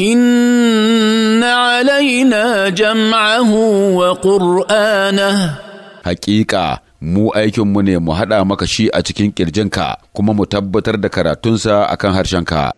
إن علينا جمعه وقرآنه حقيقة mu aikinmu ne mu haɗa maka shi a cikin ƙirjinka kuma mu tabbatar da karatunsa a kan harshenka.